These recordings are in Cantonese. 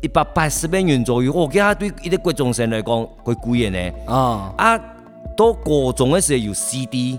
一百八十元左右，我覺得對啲國中生嚟講，幾貴嘅呢、哦？啊，啊，到高中嗰時候有 CD。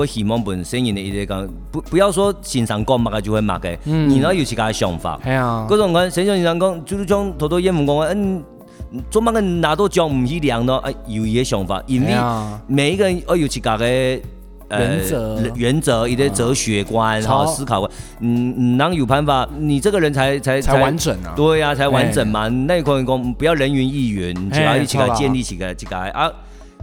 我希望本身人呢、那個，一直講不不要說欣賞講罵個就會罵嘅，然後有自己的想法。係啊，種嘅欣賞欣賞講，就是將好多演員講嗯，做乜嘅拿到獎唔一樣咯？啊，有嘢想法，因為、嗯、每一個人哦有自己嘅原則、原則，一些哲學觀、嗯、然後思考觀。嗯，然後有辦法，你這個人才才才完整啊！對啊，才完整嘛。內個員工不要人云亦云，欸、你就要自己建立起嘅自己啊。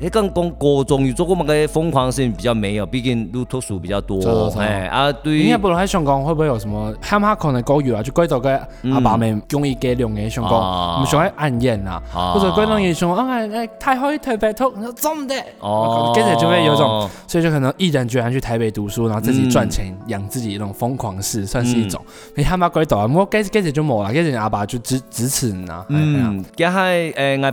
你更講高中，種，有做過麼個瘋狂的事情比較沒有。畢竟路特殊比較多。哎啊，對。你該不如在香港會不會有什麼？他們可能講啊，就貴州嘅阿爸們中意給兩個香港，唔想喺暗戀啊，啊，或者貴州人想啊哎，太可以台北讀，你做唔得。啊、有有哦，嫁者就會有種，所以就可能毅然決然去台北讀書，然後自己賺錢養自己，一種瘋狂事、嗯、算是一種。你他媽貴州啊，我嫁嫁者就冇啦，嫁人阿爸就支支持你啦。嗯，加喺誒我